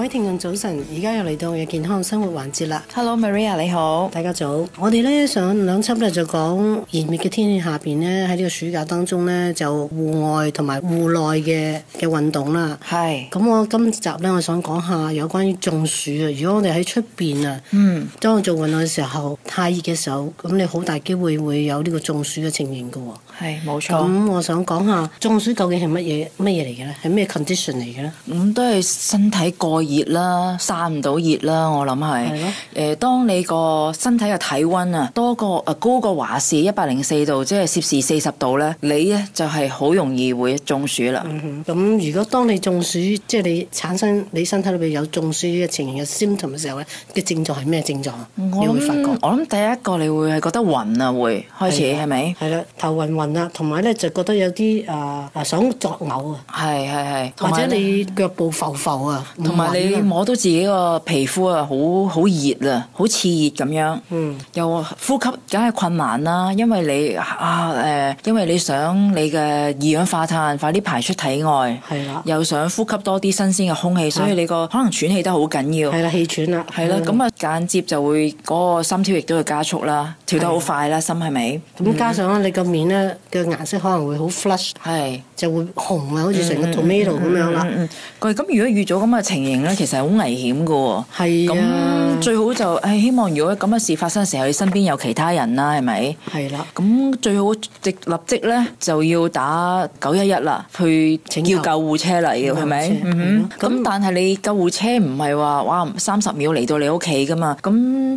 各位聽眾早晨，而家又嚟到我嘅健康生活環節啦。Hello Maria 你好，大家早。我哋咧上兩集咧就講炎熱嘅天氣下邊咧喺呢個暑假當中咧就戶外同埋戶內嘅嘅運動啦。係。咁我今集咧我想講下有關於中暑啊。如果我哋喺出邊啊，嗯，當我做運動嘅時候太熱嘅時候，咁你好大機會會有呢個中暑嘅情形噶。係，冇錯。咁我想講下中暑究竟係乜嘢乜嘢嚟嘅咧？係咩 condition 嚟嘅咧？咁，嗯，都係身體過熱。熱啦，散唔到熱啦，我諗係誒。當你個身體嘅體温啊多過誒高過華氏一百零四度，即係攝氏四十度咧，你咧就係好容易會中暑啦。咁、嗯、如果當你中暑，即、就、係、是、你產生你身體裏邊有中暑嘅情形嘅 symptom 嘅時候咧，嘅症狀係咩症狀啊？你會發覺我諗第一個你會係覺得暈啊，會開始係咪？係啦，頭暈暈啦，同埋咧就覺得有啲誒、呃、想作嘔啊，係係係，或者你腳步浮浮啊，同埋。你摸到自己個皮膚啊，好好熱啊，好刺熱咁樣。嗯。又呼吸梗係困難啦，因為你啊誒，因為你想你嘅二氧化碳快啲排出體外，係啦。又想呼吸多啲新鮮嘅空氣，所以你個可能喘氣都好緊要。係啦，氣喘啦。係咯，咁啊間接就會嗰、那個心跳亦都會加速啦，跳得好快啦，心係咪？咁、嗯、加上咧，你個面咧嘅顏色可能會好 flush，係就會紅啊，好似成個 tomato 咁、嗯嗯嗯嗯嗯嗯、樣啦。佢、嗯、咁、嗯嗯、如果遇咗咁嘅情形？其實好危險嘅喎、哦，咁、啊、最好就誒希望如果咁嘅事發生嘅時候，你身邊有其他人啦，係咪？係啦、啊，咁最好即立即咧就要打九一一啦，去請叫救護車嚟嘅，係咪？咁、嗯嗯嗯、但係你救護車唔係話哇三十秒嚟到你屋企㗎嘛？咁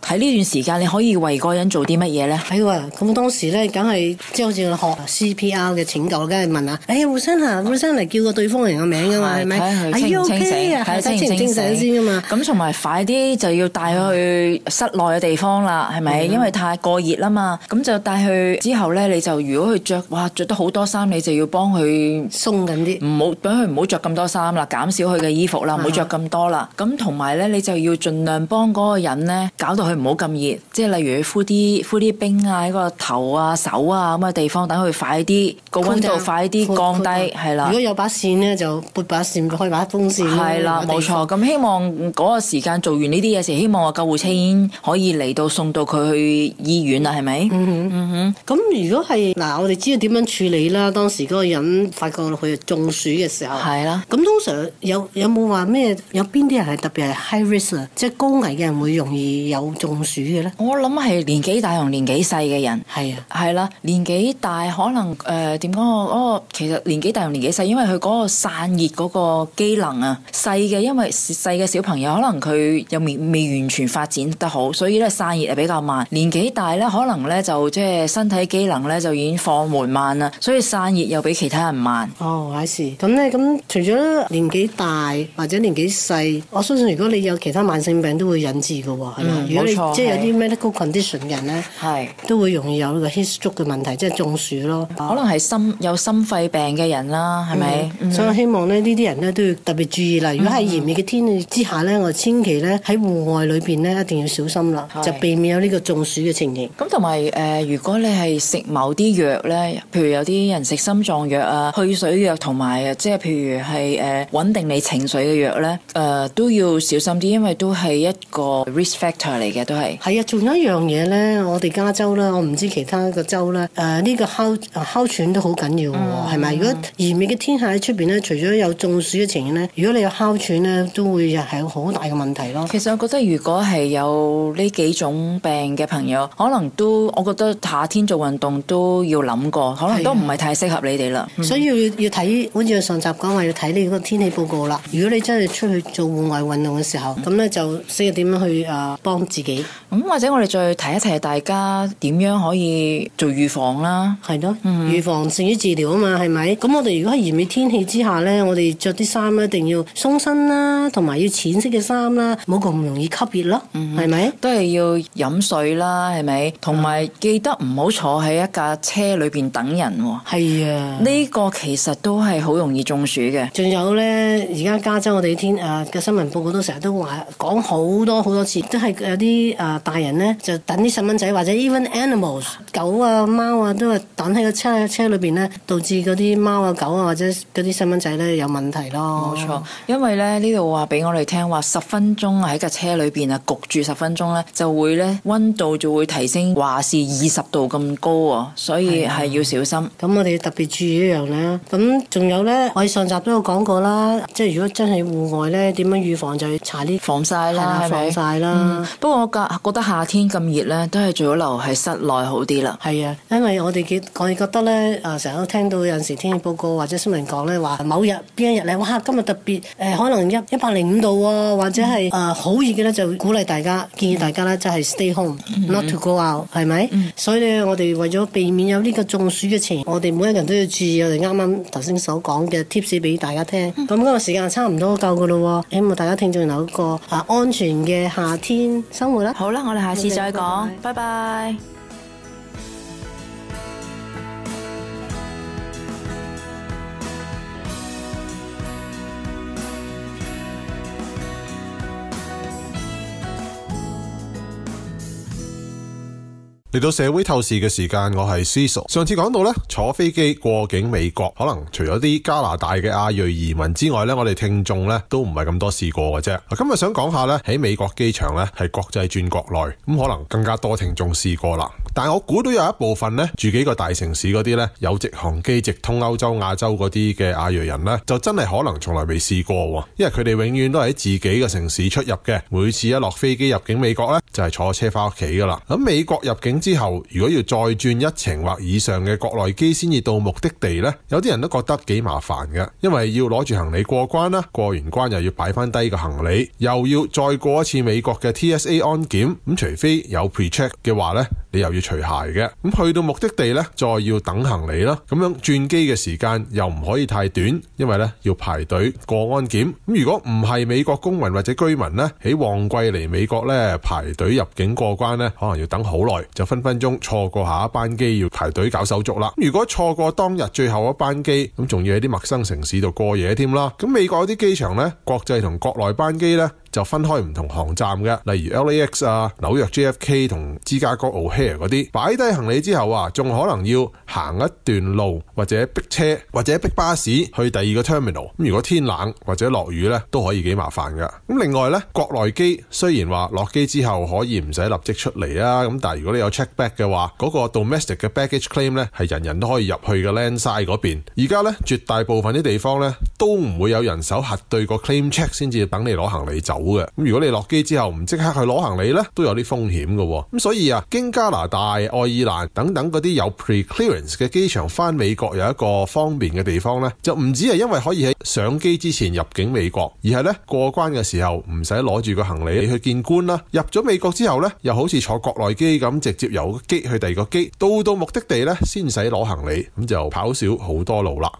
喺呢段時間你可以為個人做啲乜嘢咧？喺話咁當時咧，梗係即係好似學 CPR 嘅拯救，梗係問下誒護生啊，護身嚟叫個對方人嘅名㗎嘛，係、哎、咪？係要清，清醒，睇清醒先啊嘛！咁同埋快啲就要帶佢去室內嘅地方啦，係咪、嗯？因為太過熱啦嘛，咁就帶佢之後咧，你就如果佢着哇着得好多衫，你就要幫佢鬆緊啲，唔好俾佢唔好着咁多衫啦，減少佢嘅衣服啦，唔好着咁多啦。咁同埋咧，你就要盡量幫嗰個人咧，搞到佢唔好咁熱。即係例如敷啲敷啲冰啊，喺個頭啊、手啊咁嘅地方，等佢快啲個溫度快啲降低，係啦。如果有把扇咧，就撥把扇，開把風扇，係啦，冇錯。咁、哦、希望嗰個時間做完呢啲嘢時，希望個救護車可以嚟到送到佢去醫院啦、嗯哼、是啦，係咪？咁如果係嗱，我哋知道點樣處理啦。當時嗰個人發覺佢中暑嘅時候，係啦。咁通常，有有冇話咩？有邊啲人係特別係 high risk 啊？即係高危嘅人會容易有中暑嘅咧？我諗係年紀大同年紀細嘅人係啊，係啦。年紀大可能誒點講？個、呃哦、其實年紀大同年紀細，因為佢嗰個散熱嗰個機能啊，細嘅因為。細嘅小朋友可能佢又未未完全發展得好，所以咧散熱係比較慢。年紀大咧，可能咧就即係身體機能咧就已經放緩慢啦，所以散熱又比其他人慢。哦、oh，I see，咁咧，咁除咗年紀大或者年紀細，我相信如果你有其他慢性病都會引致噶、嗯。如果你即係有啲 medical condition 嘅人咧，係都會容易有呢個 heat stroke 嘅問題，是即係中暑咯。啊、可能係心有心肺病嘅人啦，係咪、嗯嗯？所以我希望咧呢啲人咧都要特別注意啦。如果係炎、嗯嗯嘅天氣之下咧，我千祈咧喺戶外裏面咧，一定要小心啦，就避免有呢個中暑嘅情形。咁同埋誒如果你係食某啲藥咧，譬如有啲人食心臟藥啊、去水藥同埋啊，即係譬如係誒、呃、穩定你情緒嘅藥咧、呃，都要小心啲，因為都係一個 risk factor 嚟嘅，都係。係啊，仲有一樣嘢咧，我哋加州啦，我唔知其他一個州啦呢、呃呢個哮喘哮喘都好緊要喎，係、嗯、咪？如果炎熱嘅天氣喺出面咧，除咗有中暑嘅情形咧，如果你有哮喘咧。都會係好大嘅問題咯。其實我覺得如果係有呢幾種病嘅朋友，可能都我覺得夏天做運動都要諗過，可能都唔係太適合你哋啦、嗯。所以要要睇，好似上集講話要睇呢個天氣報告啦。如果你真係出去做戶外運動嘅時候，咁、嗯、咧就識點樣去啊、呃、幫自己？咁、嗯、或者我哋再提一提，大家點樣可以做預防啦？係咯、嗯，預防勝於治療啊嘛，係咪？咁我哋如果喺炎熱天氣之下咧，我哋着啲衫一定要鬆身啦。同埋要淺色嘅衫啦，冇咁容易吸熱咯，係、嗯、咪？都係要飲水啦，係咪？同埋記得唔好坐喺一架車裏邊等人喎。係、嗯、啊，呢、呢個其實都係好容易中暑嘅。仲有呢，而家加州我哋天啊嘅、呃、新聞報告都成日都話講好多好多次，都係有啲啊、呃、大人呢，就等啲細蚊仔，或者 even animals 啊狗啊貓啊都係等喺個車車裏邊呢，導致嗰啲貓啊狗啊或者嗰啲細蚊仔呢，有問題咯。冇錯，因為咧呢。又話俾我哋聽話，十分鐘喺架車裏邊啊焗住十分鐘咧，就會咧温度就會提升，話是二十度咁高啊，所以係要小心。咁我哋特別注意一樣咧，咁仲有咧，我上集都有講過啦，即係如果真係戶外咧，點樣預防就要搽啲防晒啦，防晒啦,防晒啦、嗯？不過我覺覺得夏天咁熱咧，都係最好留喺室內好啲啦。係啊，因為我哋幾，我哋覺得咧，成日都聽到有陣時天氣報告或者新聞講咧，話某日邊一日咧，哇，今日特別誒、呃，可能一一百零五度喎、哦，或者係誒好熱嘅咧，就鼓勵大家建議大家咧、嗯、就係、是、stay home，not、嗯、to go out，係、嗯、咪、嗯？所以咧，我哋為咗避免有呢個中暑嘅情，我哋每一個人都要注意我哋啱啱頭先所講嘅 tips 俾大家聽。咁今日時間差唔多夠嘅咯喎，希望大家聽眾有一個啊安全嘅夏天生活啦。好啦，我哋下次再講，拜拜。Bye bye bye bye 嚟到社會透視嘅時間，我係 Ciso。上次講到咧，坐飛機過境美國，可能除咗啲加拿大嘅亞裔移民之外咧，我哋聽眾咧都唔係咁多試過嘅啫。今日想講下咧，喺美國機場咧係國際轉國內，咁可能更加多聽眾試過啦。但係我估都有一部分咧，住幾個大城市嗰啲咧有直航機直通歐洲、亞洲嗰啲嘅亞裔人咧，就真係可能從來未試過，因為佢哋永遠都係喺自己嘅城市出入嘅，每次一落飛機入境美國咧，就係坐車翻屋企噶啦。咁美國入境。之後如果要再轉一程或以上嘅國內機先至到目的地呢，有啲人都覺得幾麻煩嘅，因為要攞住行李過關啦，過完關又要擺翻低個行李，又要再過一次美國嘅 TSA 安檢，咁除非有 pre-check 嘅話呢，你又要除鞋嘅。咁去到目的地呢，再要等行李啦，咁樣轉機嘅時間又唔可以太短，因為呢要排隊過安檢，咁如果唔係美國公民或者居民呢，喺旺季嚟美國呢，排隊入境過關呢，可能要等好耐就分分鐘錯過下一班機，要排隊搞手續啦！如果錯過當日最後一班機，咁仲要喺啲陌生城市度過夜添啦！咁美國啲機場呢，國際同國內班機呢。就分開唔同航站嘅，例如 LAX 啊、紐約 JFK 同芝加哥 O’Hare 嗰啲擺低行李之後啊，仲可能要行一段路或者逼車或者逼巴士去第二個 terminal。咁如果天冷或者落雨呢，都可以幾麻煩噶。咁另外呢，國內機雖然話落機之後可以唔使立即出嚟啊，咁但係如果你有 check back 嘅話，嗰個 domestic 嘅 baggage claim 呢，係人人都可以入去嘅 land side 嗰邊。而家呢，絕大部分啲地方呢，都唔會有人手核對個 claim check 先至等你攞行李走。嘅，咁如果你落機之後唔即刻去攞行李呢，都有啲風險嘅。咁所以啊，經加拿大、愛爾蘭等等嗰啲有 pre-clearance 嘅機場翻美國，有一個方便嘅地方呢，就唔止係因為可以喺上機之前入境美國，而係呢過關嘅時候唔使攞住個行李去見官啦。入咗美國之後呢，又好似坐國內機咁，直接由個機去第二個機，到到目的地呢，先使攞行李，咁就跑少好多路啦。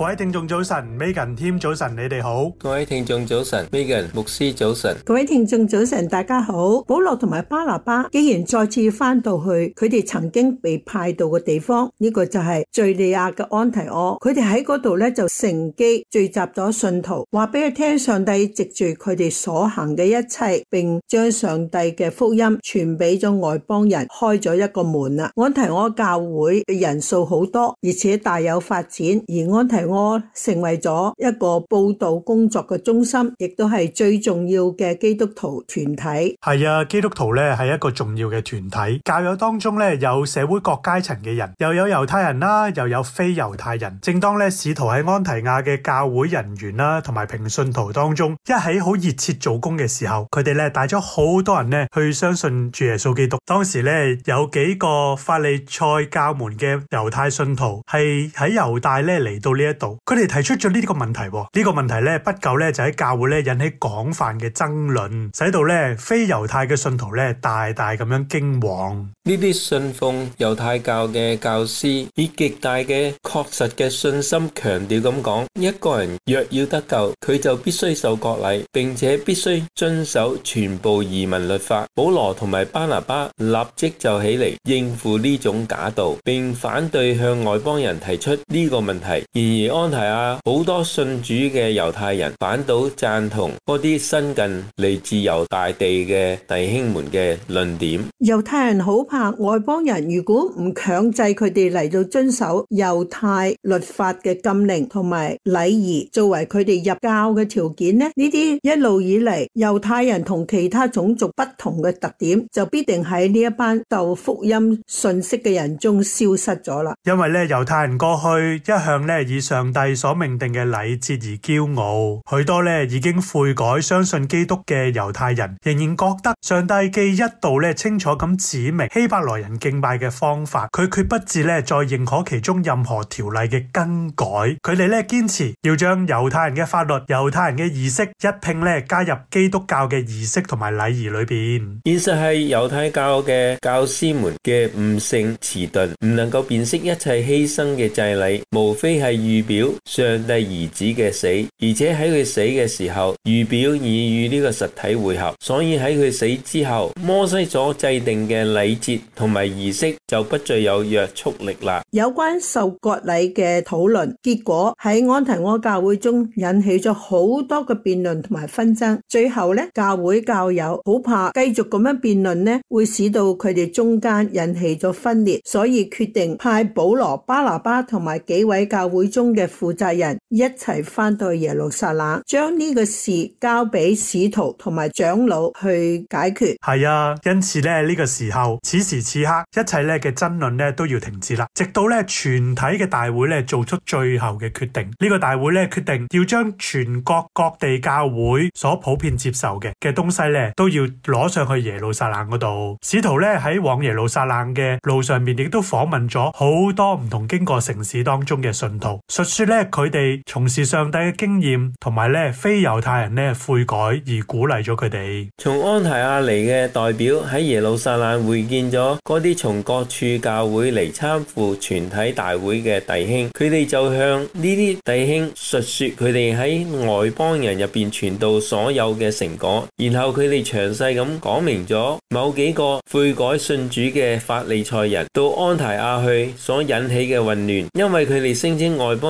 各位聽眾早晨，Megan 添早晨，你哋好。各位聽眾早晨，Megan 牧師早晨。各位聽眾早晨，大家好。保羅同埋巴拿巴既然再次翻到去佢哋曾經被派到嘅地方，呢個就係敘利亞嘅安提柯。佢哋喺嗰度咧就乘機聚集咗信徒，話俾佢聽上帝籍住佢哋所行嘅一切，並將上帝嘅福音傳俾咗外邦人，開咗一個門啦。安提柯教會嘅人數好多，而且大有發展，而安提。我成為咗一個報道工作嘅中心，亦都係最重要嘅基督徒團體。係啊，基督徒咧係一個重要嘅團體。教友當中咧有社會各階層嘅人，又有猶太人啦，又有非猶太人。正當咧使徒喺安提亞嘅教會人員啦同埋平信徒當中，一齊好熱切做工嘅時候，佢哋咧帶咗好多人咧去相信主耶穌基督。當時咧有幾個法利賽教門嘅猶太信徒係喺猶大咧嚟到呢一。佢哋提出咗呢個問題，呢個問題咧不久咧就喺教會咧引起廣泛嘅爭論，使到咧非猶太嘅信徒咧大大咁樣驚惶。呢啲信奉猶太教嘅教師以極大嘅確實嘅信心強調咁講：一個人若要得救，佢就必須受割禮，並且必須遵守全部移民律法。保羅同埋巴拿巴立即就起嚟應付呢種假道，並反對向外邦人提出呢個問題。然而安提啊，好多信主嘅猶太人反倒贊同嗰啲新近嚟自猶大地嘅弟兄們嘅論點。猶太人好怕外邦人，如果唔強制佢哋嚟到遵守猶太律法嘅禁令同埋禮儀，作為佢哋入教嘅條件咧，呢啲一路以嚟猶太人同其他種族不同嘅特點，就必定喺呢一班道福音信息嘅人中消失咗啦。因為咧，猶太人過去一向咧以上。上帝所命定嘅禮節而驕傲，許多咧已經悔改、相信基督嘅猶太人，仍然覺得上帝既一度咧清楚咁指明希伯來人敬拜嘅方法，佢決不至咧再認可其中任何條例嘅更改。佢哋咧堅持要將猶太人嘅法律、猶太人嘅儀式一拼咧加入基督教嘅儀式同埋禮儀裏邊。現實係猶太教嘅教師們嘅悟性遲鈍，唔能夠辨識一切犧牲嘅祭禮，無非係預。預表上帝兒子的死，而且在他死的時候，預表已與這個實體會合，所以在他死之後，摩西所制定的禮節同埋儀式，就不再有約束力啦。有關受割禮的討論，結果，在安提阿教會中引起了很多的辯論和紛爭，最後呢，教會教友好怕繼續這樣辯論會使到他們中間引起了分裂，所以決定派保羅、巴拿巴和幾位教會中嘅負責人一齊翻到耶路撒冷，將呢個事交俾使徒同埋長老去解決。係啊，因此咧呢個時候，此時此刻，一切咧嘅爭論咧都要停止啦。直到咧全體嘅大會咧做出最後嘅決定。呢個大會咧決定要將全國各地教會所普遍接受嘅嘅東西咧都要攞上去耶路撒冷嗰度。使徒咧喺往耶路撒冷嘅路上面，亦都訪問咗好多唔同經過城市當中嘅信徒。述說咧，佢哋從事上帝嘅經驗，同埋咧非猶太人咧悔改而鼓勵咗佢哋。從安提阿嚟嘅代表喺耶路撒冷會見咗嗰啲從各處教會嚟參赴全體大會嘅弟兄，佢哋就向呢啲弟兄述說佢哋喺外邦人入邊傳道所有嘅成果，然後佢哋詳細咁講明咗某幾個悔改信主嘅法利賽人到安提阿去所引起嘅混亂，因為佢哋聲稱外邦。